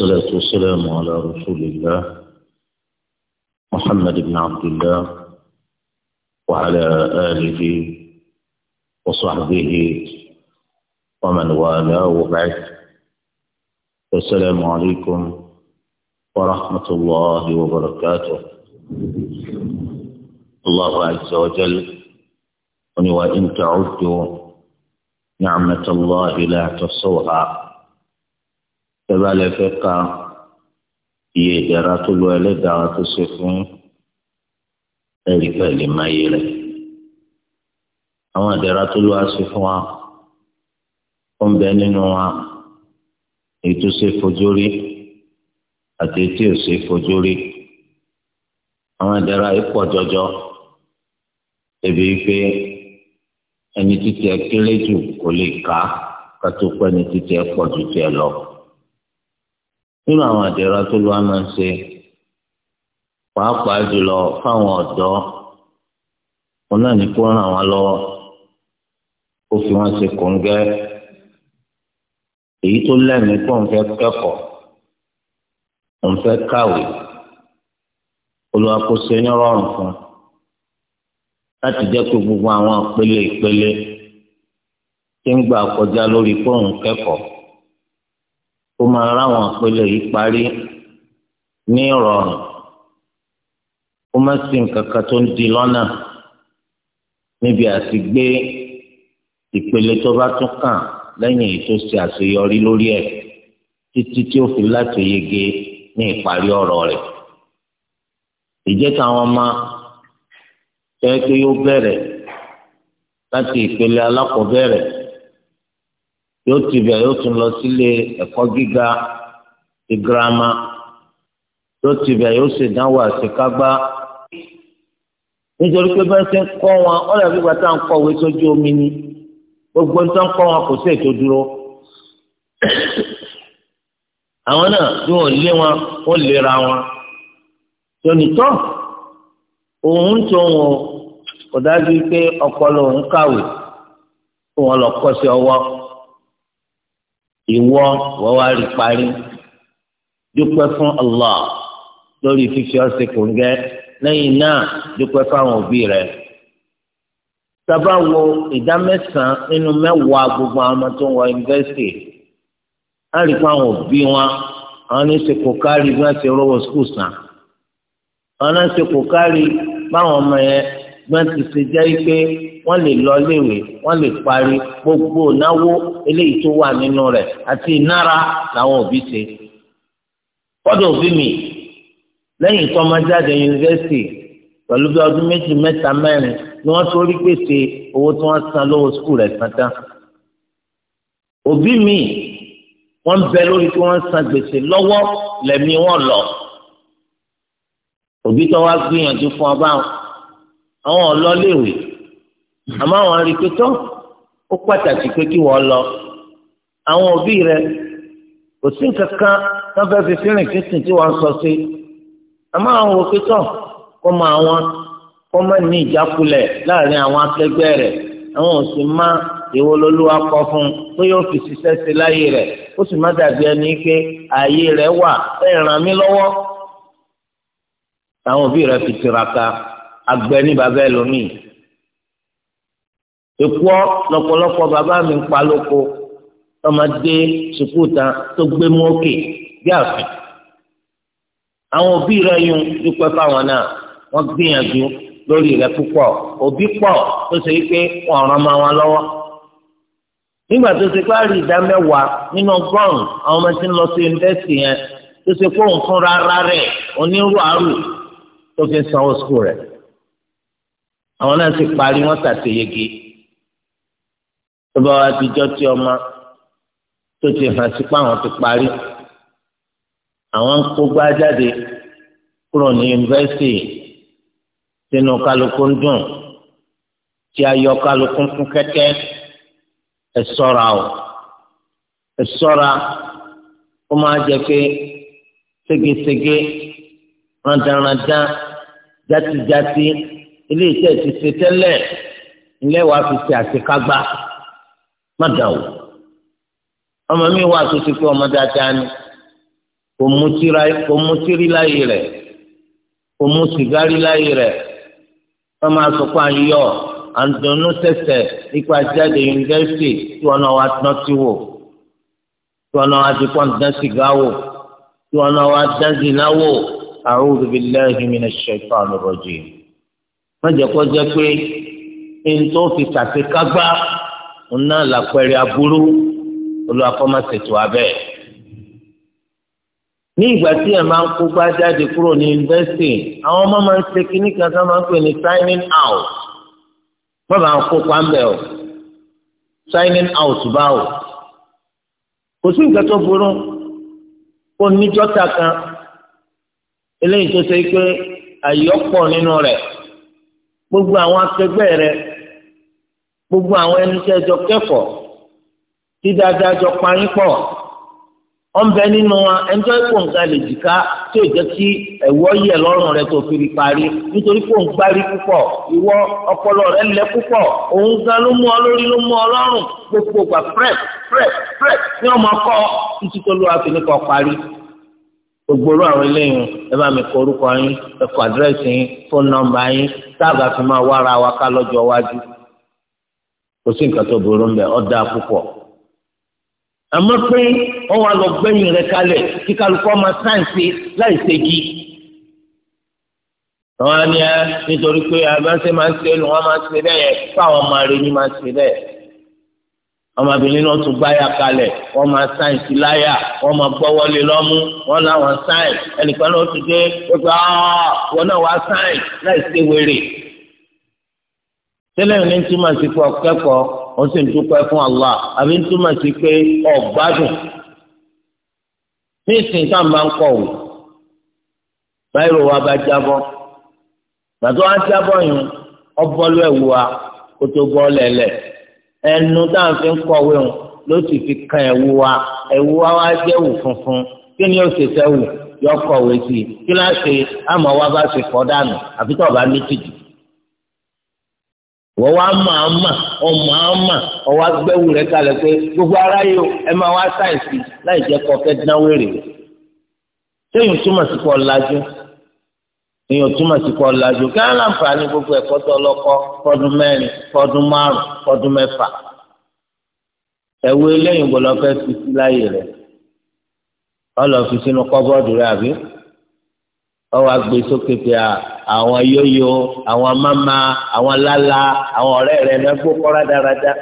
والصلاة والسلام على رسول الله محمد بن عبد الله وعلى آله وصحبه ومن والاه وبعد السلام عليكم ورحمة الله وبركاته الله عز وجل وإن تعدوا نعمة الله لا تحصوها tẹ́bá lẹ fẹ́ ka iye ìdára tó lọ ẹlẹ́dàá tó ṣe fún ẹ̀rí pẹ̀lú máyé rẹ̀ àwọn ìdára tó lọ ṣe fún wa ó ń bẹ nínú wa èyí tó ṣe fojú rí àti èyí tí ò ṣe fojú rí àwọn ìdára yìí pọ̀ jọjọ ebi pé ẹni títí ẹ kéré jù kò lè ká kátó pẹ́ ni títí ẹ pọ̀ jù tiẹ̀ lọ nínú àwọn àdẹ̀rà tó lọ́wọ́ máa ń ṣe pàápàá jùlọ fáwọn ọ̀dọ́ wọn náà ní kó ràn wọ́n lọ́wọ́ ó fi wọ́n ṣe kòńgẹ́ èyí tó lẹ́mìí pọ̀ ń fẹ́ kẹ́kọ̀ọ́ ń fẹ́ kàwé olùwàkóso ẹni rọrùn fún láti jẹ́ pé gbogbo àwọn ìpele ìpele tí ń gbà kọjá lórí pọ́ùn kẹ́kọ̀ọ́ máa ráwọn àpẹẹlẹ yìí parí ní ìrọ̀rùn kó má sí nǹkan kan tó ń di lọ́nà níbi àti gbé ìpele tó bá tún kàn lẹ́yìn èyí tó ṣe àṣeyọrí lórí ẹ̀ títí tí ó fi láti yege ní ìparí ọ̀rọ̀ rẹ̀. ìjẹ́ táwọn ọmọ tẹ́ pé yóò bẹ̀rẹ̀ láti ìpele alákọ̀ọ́bẹ̀rẹ̀ yóò ti bẹ̀ yóò tún lọ sílé ẹ̀kọ́ gíga ti girama yóò ti bẹ̀ yóò sì dánwò àṣekágbá nítorí pé bẹ́ẹ̀ ṣe ń kọ́ wọn ọ̀rẹ́ àbí bàtà ń kọ̀wé sójú omi ni gbogbo nítorí kọ́ wọn kò sí ètò dúró àwọn náà tí wọn lé wọn ó lera wọn tonitọ́ òun tó wọn kò dájú pé ọpọlọ òun kàwé kó wọn lọ kọ́ sí ọwọ́ ìwọ wọ́n wá rí parí dúpẹ́ fún Allah lórí fífi ọ̀sẹ̀ kòńgẹ́ lẹ́yìn náà dúpẹ́ fáwọn òbí rẹ̀ sábà wo ìdá mẹ́sàn-án nínú mẹ́wàá gbogbo àwọn ọmọ tó ń wọ yunifásitì á rí fáwọn òbí wọn àwọn ní ṣe kò kárí bí wọ́n ti rówó skul san àwọn náà ṣe kò kárí báwọn ọmọ yẹn gbọ́n ti ṣe jẹ́ pé wọ́n lè lọ léwe wọ́n lè parí gbogbo náwó eléyìí tó wà nínú rẹ̀ àti ìnára làwọn òbí ṣe. kọ́dọ̀ òbí mi lẹ́yìn ìtọ́mọjáde yunifásitì pẹ̀lú bí ọdún méjì mẹ́ta mẹ́rin ni wọ́n torí pèsè owó tí wọ́n san lówó skul rẹ̀ pátá. òbí mi wọ́n bẹ lórí pé wọ́n san gbèsè lọ́wọ́ lẹ́mí wọn lọ. òbí tó wá gbìyànjú fún ọ báwọn àwọn ọlọ́léèwé àmọ́ àwọn arìpẹ́tọ́ ó pàtàkì pé kí wọ́n lọ àwọn òbí rẹ kò sí nǹkan kan wọ́n fẹ́ fi fírin kìsìn tí wọ́n sọ sí àmọ́ àwọn òpẹ́tọ́ kọ́ mọ àwọn kọ́ mọ ní ìjákulẹ̀ láàrin àwọn akẹgbẹ́ rẹ̀ àwọn ò sì má ìwo lolúwa kọ fún un tó yóò fi ṣiṣẹ́ sí láyé rẹ̀ ó sì má dàbí ẹni pé ààyè rẹ̀ wà ẹ ràn mí lọ́wọ́ àwọn òbí rẹ̀ fi tiraka agbẹ ní bàbá ẹlòmíì èkó lọ́pọ̀lọpọ̀ bàbá mi ń pa lóko tọmọdé sùkúù tán tó gbé mú òkè bí àfin àwọn òbí rẹ yun dúpẹ́ fáwọn náà wọ́n gbìyànjú lórí rẹ púpọ̀ òbí pọ̀ tó ṣe wípé wọ́n ràn máa wọn lọ́wọ́ nígbà tó ṣe parí ìdá mẹ́wàá nínú ọgọ́rùn àwọn ọmọ tí ń lọ sí yunifásitì yẹn tó ṣe kó òun fúnra rárẹ̀ onírúurú tó fi sanwó sùkúù rẹ̀ àwọn náà sì parí wọn tàṣeyege tó bá wá dijọ́ tí ọmọ tó ti hàn sí pé àwọn ti parí àwọn ń kó gbá jáde kúrò ní yunifásitì sínú kálukú ń dùn tí a yọ kálukú kún kẹ́kẹ́ ẹ o ẹ ó máa jẹ pé ségesège rádaràdá játijáti. Jati, jati ilé iṣẹ́ ti ṣe tẹ́lẹ̀ ilé wa fi ṣe àṣekágbá má dà o ọmọ mi wà tó ti pé ọmọ dáadáa ni kò mu tírí láyé rẹ̀ kò mu sìgárì láyé rẹ̀ wọ́n máa sọ pé à ń yọ à jáde yunifásitì tí wọn náà wá dán sí wò tí wọn náà wá di pọ́n dán sìgá wò tí wọn náà wá dán zìnnà wò a'udhu billahi minash shaitanir rajim mọ̀jẹ̀ kọ́ jẹ́ pé ntọ́ fi ṣàṣekágbá ọ̀nà làpẹ̀rẹ̀ aburú olùwàkọ́mọ̀ṣètò abẹ́. ní ìgbà tí ẹ̀ máa ń kó gbá jáde kúrò ní yunifásitì àwọn ọmọ máa ń ṣe kíní kan tó ń pè ní signing out bọ́ọ̀bù àwọn kópa ń bẹ̀ ọ́ signing out báwo kò sí nǹkan tó burú kó níjọ́ta kan eléyìí tó ṣe pé àyọ̀pọ̀ nínú rẹ̀ gbogbo àwọn akẹgbẹ́ rẹ gbogbo àwọn ẹni jọ kẹ́kọ̀ọ́ tí dáadáa jọ parí pọ̀ ọ̀nbẹ nínú wa ẹnjọ́ ìpò nǹkan lè jìká tí ò jẹ́ kí ẹ̀wọ́ yẹ lọ́rùn rẹ tó fi rí parí nítorí pé òun gbárí púpọ̀ ìwọ ọpọlọ rẹ lẹ púpọ̀ òun gan ló mú ọ lórí ló mú ọ lọ́rùn gbogbo gbà prep prep prep ní ọmọ kọ́ títí tó lóra fi ní kọ́ parí gbogbo orú àwọn eléyìí ẹ bá mi kọ orúkọ yín ẹ kọ àdírẹ́sì yín fóònù nọ́mbà yín táàbà fi máa wára wa ká lọ́jọ́ iwájú kò sí nǹkan tó burú ń bẹ ọ́ dáa púpọ̀ àmọ́ pé wọ́n wá lọ gbẹ́yìn rẹ̀ kalẹ̀ kí kálukọ́ máa sáǹsì láì ṣègi. àwọn ni ẹ nítorí pé àbáṣe máa ń ṣe é lù wọ́n máa ń ṣe bẹ́ẹ̀ fáwọn ọmọ rẹ̀ ni máa ń ṣe bẹ́ẹ̀ ọmọbìnrin náà tún gbáyà kalẹ̀ wọ́n máa sáìn sí láyà wọ́n máa gbọ́wọ́lé lọ́mú wọ́n láwọn sáìn ẹnìkan náà tún dé wípé ah, wọ́n náà wá sáìn láì ṣe wèrè. tẹ́lẹ̀ ní túmọ̀ sí pé ọ̀kẹ́kọ̀ọ́ ó sì ń dúpẹ́ fún Allah àbí ń túmọ̀ sí pé ọ̀gbádùn. ní ìsìn tá à ń bá ń kọ̀ wò báyìí wa bá jábọ́ gbàtọ́ wá jábọ́ yìí ọ bọ́lú ẹ̀wù ẹnu táwọn fi ń kọ̀wé wọn ló sì fi kan ẹ̀wù wa ẹ̀wù wa wá jẹ́ wù funfun kí ni ó ṣe fẹ́ wù yọ kọ̀wé sí i kí láṣẹ àmọ́ wa bá ṣe fọ́ dànù àfi tó ọba méjì jù wọ́n wá máa mà ọmọ àmà ọwọ́ agbẹ́wù rẹ̀ kalẹ̀ pé gbogbo aráyé o ẹ máa wá sáyẹ̀sì láì jẹ́ kọ́ fẹ́ dánwó rè é. sẹ́yìn túmọ̀ sí pọ̀ lajú èèyàn túmọ̀ sí kọ́ lajú kí á láǹfààní gbogbo ẹ̀kọ́ tó lọ́kọ́ fọdún mẹ́rin fọdún márùn fọdún mẹ́fà ẹ̀wọ́ eléyìí bọ̀ lọ́ fẹ́ fi sí láyè rẹ̀ ọlọ́ fi sínú kọ́bọ́ọ̀dù rẹ̀ àbí ọwọ́ agbe sókè pé àwọn yóyó àwọn máma àwọn lálá àwọn ọ̀rẹ́ rẹ̀ lẹ́gbọ́ kọ́ra dáradá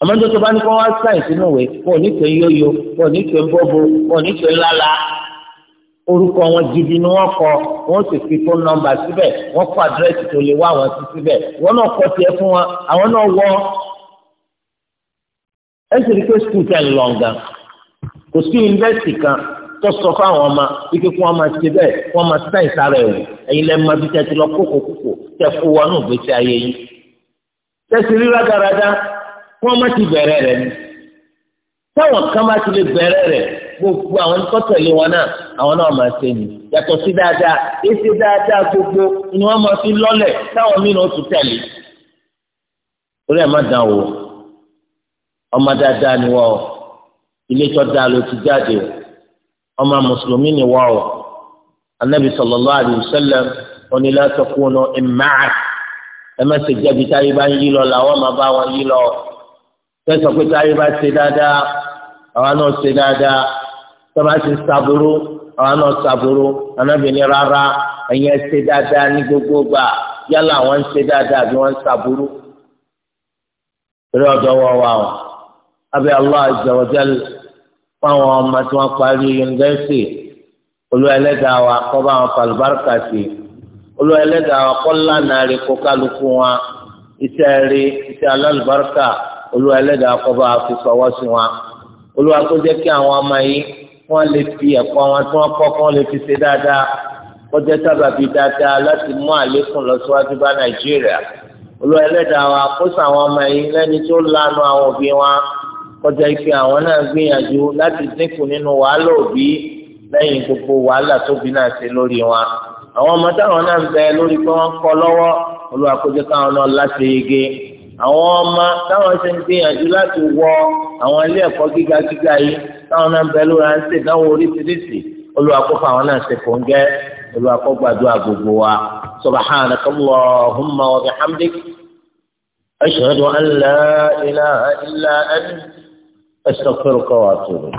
àmọ́jọ́ tó bá ní kọ́ wá sáì sínú ìwé kò ní pé yóyó kò ní pé bọ́bo kò ní pé lálá orúkọ wọn gidi ni wọn kọ wọn sì fi fóònù nọ́mbà síbẹ̀ wọn kọ àdírẹ́sì tó lè wá wọn sí síbẹ̀ wọn náà kọ tiẹ̀ fún wọn àwọn náà wọ ẹ sì rí pé skul tẹ̀ ń lọ gan kò sí yunifásitì kan tó sọ fún àwọn ọmọ ike kí wọn máa ṣe bẹ́ẹ̀ kí wọn máa sáyìn sára ẹwù ẹ̀yin lẹ máa bí tẹsí lọ kókò kókò tẹ kó wọnú ìgbésí ayé yìí tẹsí rí rádaràda kí wọn má ti bẹ̀rẹ̀ rẹ̀ ni táwọn kan má ti lè bẹ̀rẹ̀ rẹ̀ gbogbo àwọn tó tẹ̀lé wọn náà àwọn náà máa ṣe nì yàtọ̀ sí dáadáa èsì dáadáa gbogbo ni wọ́n máa fi lọ́lẹ̀ táwọn mìíràn tún tẹ̀lé orí ẹ̀ má dán wò ọmọ dáadáa ni wọ́n ilé tó dáa ló ti jáde ọmọ mùsùlùmí ni wọ́n anabi sallallahu alayhi wa sallam oní la takunu imma'a ẹ má ṣe jẹbi táyé bá ń yí lọ làwọn máa bá wọn yí lọ fẹsọ pé táyé bá ṣe dáadáa àwọn náà ṣe dáadáa tọ́ba ṣe ṣàbúrú àwọn náà ṣàbúrú anábìíní rárá ẹ̀yin ẹ̀ ṣe dáadáa ní gbogbo gbà yálà wọ́n ṣe dáadáa àbí wọ́n ń ṣàbúrú. ọ̀dọ́ wọ wa o abẹ́ Allah azza fáwọn ọmọ tí wọ́n parí yunifásitì olú ẹlẹ́dàá wa kọ́ bá wọn falùbáríkà sí olú ẹlẹ́dàá wa kọ́ lánàá rí kó kálukú wọn iṣẹ́ rí iṣẹ́ alálùbáríkà olú ẹlẹ́dàá kọ́ bá fi sọwọ́ sí wọn olú akójẹ́ kí àwọn ọmọ yìí wọ́n lè fi ẹ̀kọ́ wọn tí wọ́n kọ́ kí wọ́n lè fi ṣe dáadáa kọjá sábàbí dáadáa láti mú àlékún lọ síwájú bá nàìjíríà olúwa ẹlẹ́dàá wa kó sàwọn ọmọ yìí lẹ́ni tó lanu àwọn òbí wọn kọjá ife àwọn náà gbìyànjú láti dínkù nínú wàhálà òbí lẹ́yìn gbogbo wàhálà tóbi náà ṣe lórí wọn àwọn ọmọ táwọn náà ń bẹ lórí pé wọ́n kọ́ lọ́wọ́ olúwa kó jẹ́ káwọn náà láṣeyege àwọn ọmọ táwọn ṣe ń gbìyànjú láti wọ àwọn ilé ẹ̀kọ́ gíga gíga yìí táwọn náà ń bẹ lóra ń ṣèdánwò oríṣiríṣi olùwàkọ́fà àwọn náà ṣe kò ń gẹ́ olùwàkọ́gbàdúrà gbogbo wa subhanaka allahumma wa bihamdik ashhadu an la ilaha illa anta astaghfiruka wa atubu.